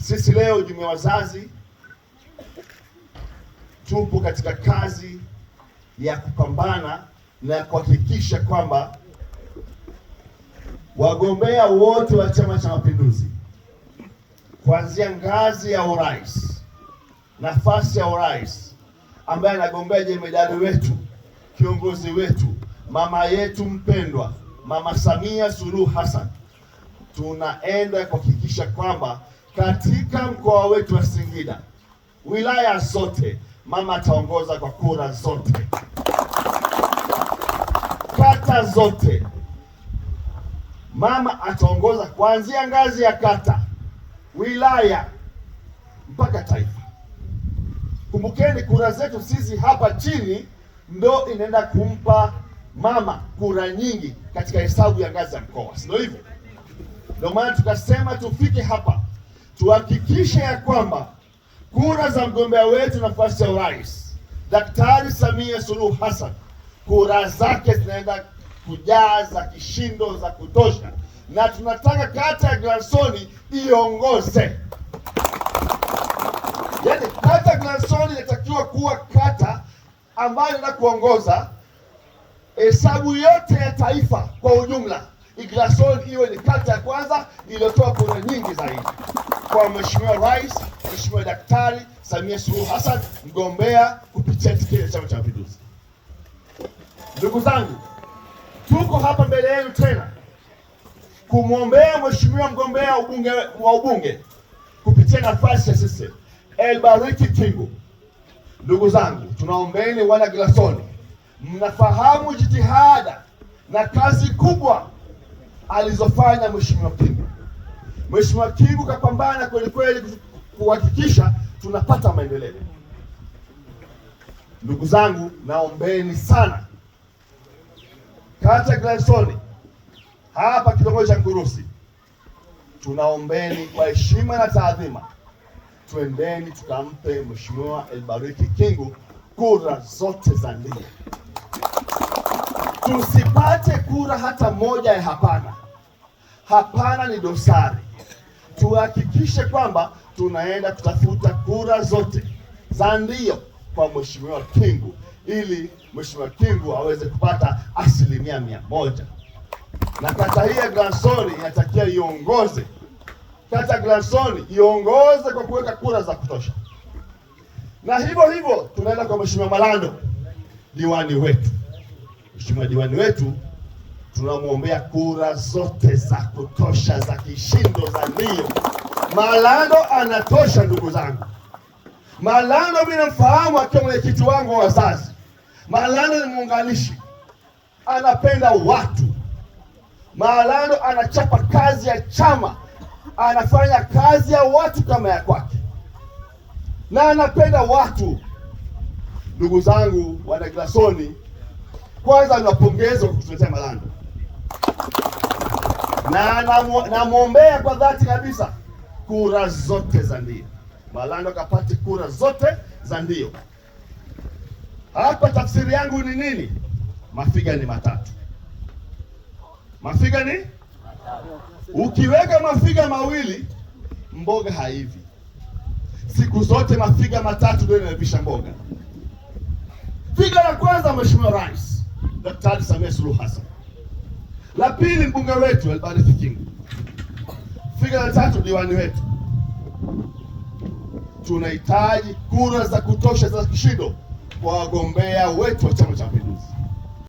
Sisi leo jume wazazi tupo katika kazi ya kupambana na kuhakikisha kwamba wagombea wote wa Chama cha Mapinduzi kuanzia ngazi ya urais, nafasi ya urais, ambaye anagombea jemedari wetu, kiongozi wetu, mama yetu mpendwa, Mama Samia Suluhu Hassan, tunaenda kuhakikisha kwamba katika mkoa wetu wa Singida, wilaya zote, mama ataongoza kwa kura zote, kata zote, mama ataongoza kuanzia ngazi ya kata, wilaya mpaka taifa. Kumbukeni, kura zetu sisi hapa chini ndo inaenda kumpa mama kura nyingi katika hesabu ya ngazi ya mkoa, sio hivyo? Ndio maana tukasema tufike hapa tuhakikishe ya kwamba kura za mgombea wetu nafasi ya urais Daktari Samia Suluhu Hassan, kura zake zinaenda kujaa za kishindo za kutosha, na tunataka kata ya Glansoni iongoze. Yani kata ya Glansoni inatakiwa kuwa kata ambayo inaenda kuongoza hesabu yote ya taifa kwa ujumla. Glansoni iwe ni kata ya kwanza iliyotoa kura nyingi zaidi kwa Mheshimiwa Rais Mheshimiwa Daktari Samia Suluhu Hassan mgombea kupitia tiketi ya Chama cha Mapinduzi. Ndugu zangu, tuko hapa mbele yenu tena kumwombea Mheshimiwa mgombea ubunge, wa ubunge kupitia nafasi ya sisi Elbariki Kingu. Ndugu zangu, tunaombeni wana glasoni mnafahamu jitihada na kazi kubwa alizofanya Mheshimiwa Kingu. Mheshimiwa kibu kapambana kweli kweli kuhakikisha tunapata maendeleo. Ndugu zangu, naombeni sana, kata Glansoni hapa kitongoji cha Ngurusi, tunaombeni kwa heshima na taadhima, twendeni tukampe Mheshimiwa Elbariki Kingu kura zote za ndio. Tusipate kura hata moja ya hapana. Hapana ni dosari tuhakikishe kwamba tunaenda kutafuta kura zote za ndio kwa mheshimiwa Kingu ili mheshimiwa Kingu aweze kupata asilimia mia moja na kata hii ya Glansoni inatakiwa iongoze kata Glansoni iongoze kwa kuweka kura za kutosha, na hivyo hivyo tunaenda kwa mheshimiwa Malando, diwani wetu, mheshimiwa diwani wetu tunamwombea kura zote za kutosha za kishindo za ndio. Malando anatosha, ndugu zangu. Malando namfahamu akiwa mwenyekiti wangu wa wazazi. Malando ni muunganishi, anapenda watu. Malando anachapa kazi ya chama, anafanya kazi ya watu kama ya kwake, na anapenda watu. Ndugu zangu wanakilasoni, kwanza napongeza kwa kutuletea Malando na namwombea kwa dhati kabisa kura zote za ndio. Malando kapati kura zote za ndio. Hapa tafsiri yangu ni nini? Mafiga ni matatu, mafiga ni ukiweka mafiga mawili mboga haivi. Siku zote mafiga matatu ndio inavisha mboga. Figa la kwanza, Mheshimiwa Rais Daktari Samia Suluhu Hassan la pili, mbunge wetu Elbarisi Kingu. Figa la tatu, diwani wetu. Tunahitaji kura za kutosha za kishindo kwa wagombea wetu wa Chama cha Mapinduzi.